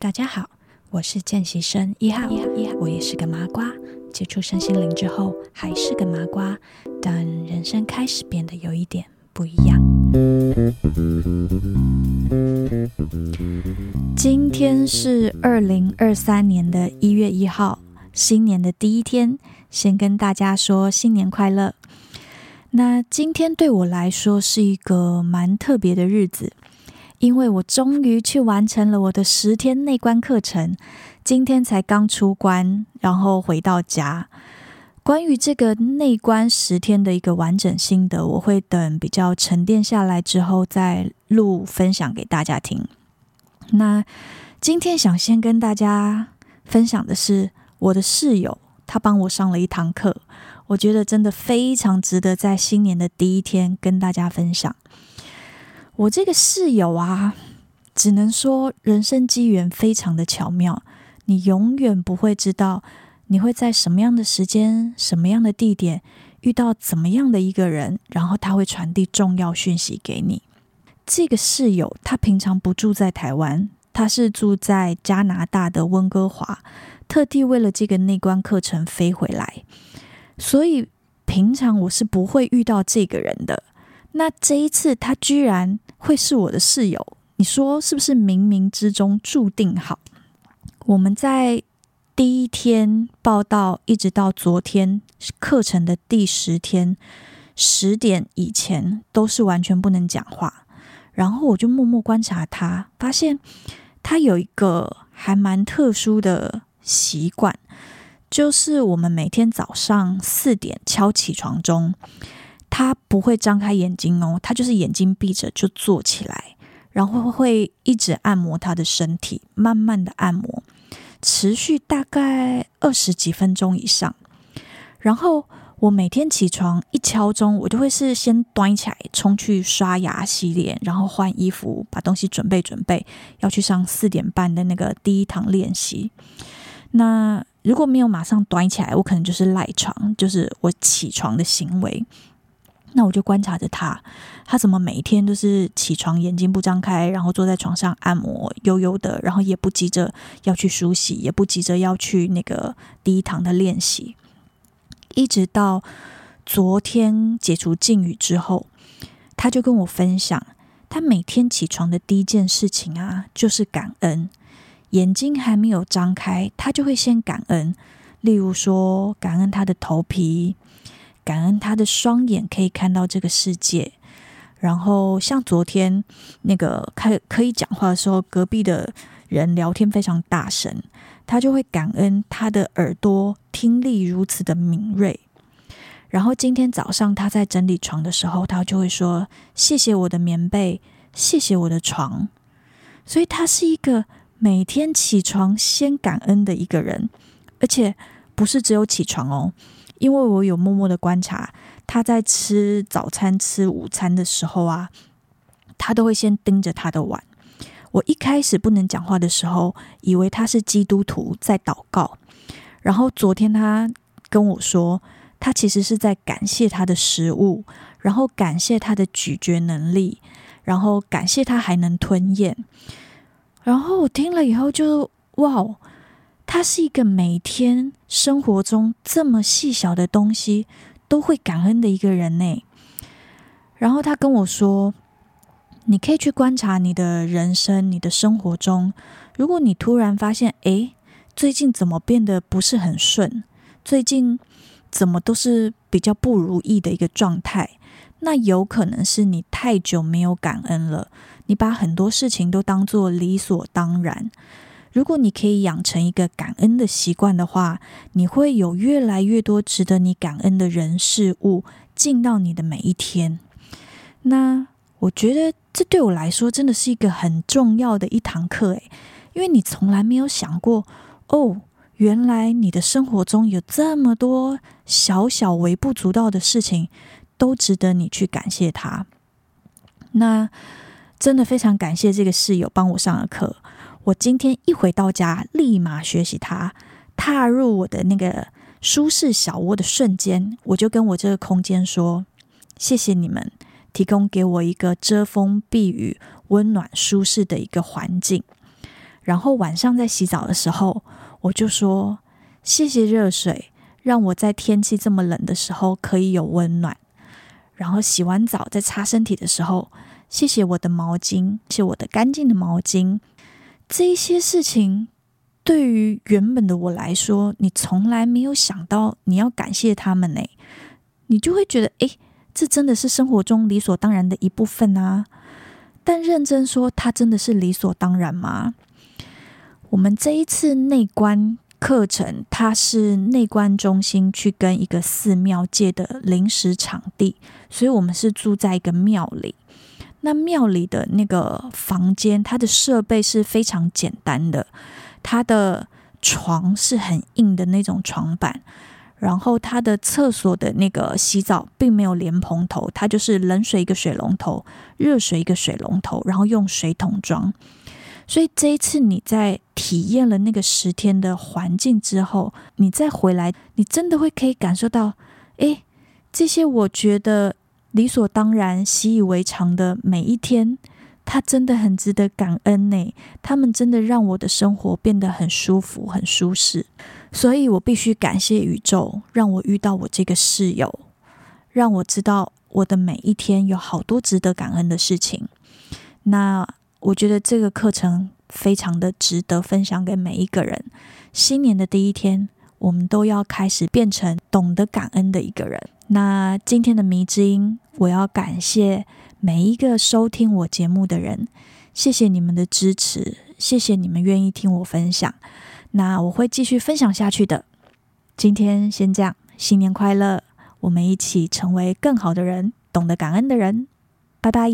大家好，我是見習生一號，一號，一號，我也是個麻瓜。接觸身心靈之後，還是個麻瓜，但人生開始變得有一點不一樣。今天是二零二三年的一月一號，新年的第一天，先跟大家說新年快樂。那今天對我來說是一個蠻特別的日子。因為我終於去完成了我的十天內觀課程，今天才剛出關，然後回到家。關於這個內觀十天的一個完整心得，我會等比較沉澱下來之後再錄分享給大家聽。那今天想先跟大家分享的是我的室友，他幫我上了一堂課，我覺得真的非常值得在新年的第一天跟大家分享。我這個室友啊，只能說人生機緣非常的巧妙，你永遠不會知道你會在什麼樣的時間、什麼樣的地點遇到怎麼樣的一個人，然後他會傳遞重要訊息給你。這個室友他平常不住在台灣，他是住在加拿大的溫哥華，特地為了這個內觀課程飛回來，所以平常我是不會遇到這個人的。那這一次，他居然會是我的室友，你說是不是冥冥之中注定好？我們在第一天報到，一直到昨天課程的第十天，十點以前都是完全不能講話。然後我就默默觀察他，發現他有一個還蠻特殊的習慣，就是我們每天早上四點敲起床鐘。他不會張開眼睛哦，他就是眼睛閉着就坐起來，然後會一直按摩他的身體，慢慢的按摩，持續大概二十幾分鐘以上。然後我每天起床一敲鐘，我就會是先端起來衝去刷牙洗臉，然後換衣服，把東西準備準備，要去上四點半的那個第一堂練習。那如果沒有馬上端起來，我可能就是賴床，就是我起床的行為。那我就觀察着他，他怎麼每天都是起床眼睛不張開，然後坐在床上按摩悠悠的，然後也不急着要去梳洗，也不急着要去那個第一堂的練習，一直到昨天解除禁語之後，他就跟我分享，他每天起床的第一件事情啊，就是感恩，眼睛還沒有張開，他就會先感恩，例如說感恩他的頭皮。感恩他的雙眼可以看到這個世界，然後像昨天那個開可以講話的時候，隔壁的人聊天非常大聲，他就會感恩他的耳朵聽力如此的敏銳。然後今天早上他在整理床的時候，他就會說：“謝謝我的棉被，謝謝我的床。”所以他是一個每天起床先感恩的一個人，而且不是只有起床哦。因為我有默默的觀察，他在吃早餐、吃午餐的時候啊，他都會先盯着他的碗。我一開始不能講話的時候，以為他是基督徒在禱告。然後昨天他跟我說，他其實是在感謝他的食物，然後感謝他的咀嚼能力，然後感謝他還能吞嚥。然後我聽了以後就，就哇哦！他是一個每天生活中這麼細小的東西都會感恩的一個人呢。然後他跟我說：“你可以去觀察你的人生，你的生活中，如果你突然發現，哎，最近怎麼變得不是很順？最近怎麼都是比較不如意的一個狀態？那有可能是你太久沒有感恩了，你把很多事情都當作理所當然。”如果你可以養成一個感恩的習慣的話，你會有越來越多值得你感恩的人事物進到你的每一天。那我覺得這對我來說真的是一個很重要的一堂課，誒，因為你從來沒有想過，哦，原來你的生活中有這麼多小小微不足道的事情都值得你去感謝他。那真的非常感謝這個室友幫我上了課。我今天一回到家，立馬學習它踏入我的那個舒適小窩的瞬間，我就跟我這個空間說：“謝謝你們提供給我一個遮風避雨、溫暖舒適的一個環境。”然後晚上在洗澡的時候，我就說：“謝謝熱水，讓我在天氣這麼冷的時候可以有溫暖。”然後洗完澡在擦身體的時候，謝謝我的毛巾，謝謝我的乾淨的毛巾。這些事情，對於原本的我來說，你從來沒有想到你要感謝他們呢，你就會覺得，哎，這真的是生活中理所當然的一部分啊。但認真說，它真的是理所當然嗎？我們這一次內觀課程，它是內觀中心去跟一個寺廟借的臨時場地，所以我們是住在一個廟裡。那廟裡的那個房間，它的設備是非常簡單的，它的床是很硬的那種床板，然後它的廁所的那個洗澡，並沒有蓮蓬頭，它就是冷水一個水龍頭，熱水一個水龍頭，然後用水桶裝。所以這一次你在體驗了那個十天的環境之後，你再回來，你真的會可以感受到，誒，這些我覺得。理所當然、習以為常的每一天，它真的很值得感恩呢。他們真的讓我的生活變得很舒服、很舒適，所以我必須感謝宇宙，讓我遇到我這個室友，讓我知道我的每一天有好多值得感恩的事情。那我覺得這個課程非常的值得分享給每一個人。新年的第一天。我們都要開始變成懂得感恩的一個人。那今天的謎之音，我要感謝每一個收聽我節目的人，謝謝你們的支持，謝謝你們願意聽我分享。那我會繼續分享下去的。今天先這樣，新年快樂！我們一起成為更好的人，懂得感恩的人。拜拜。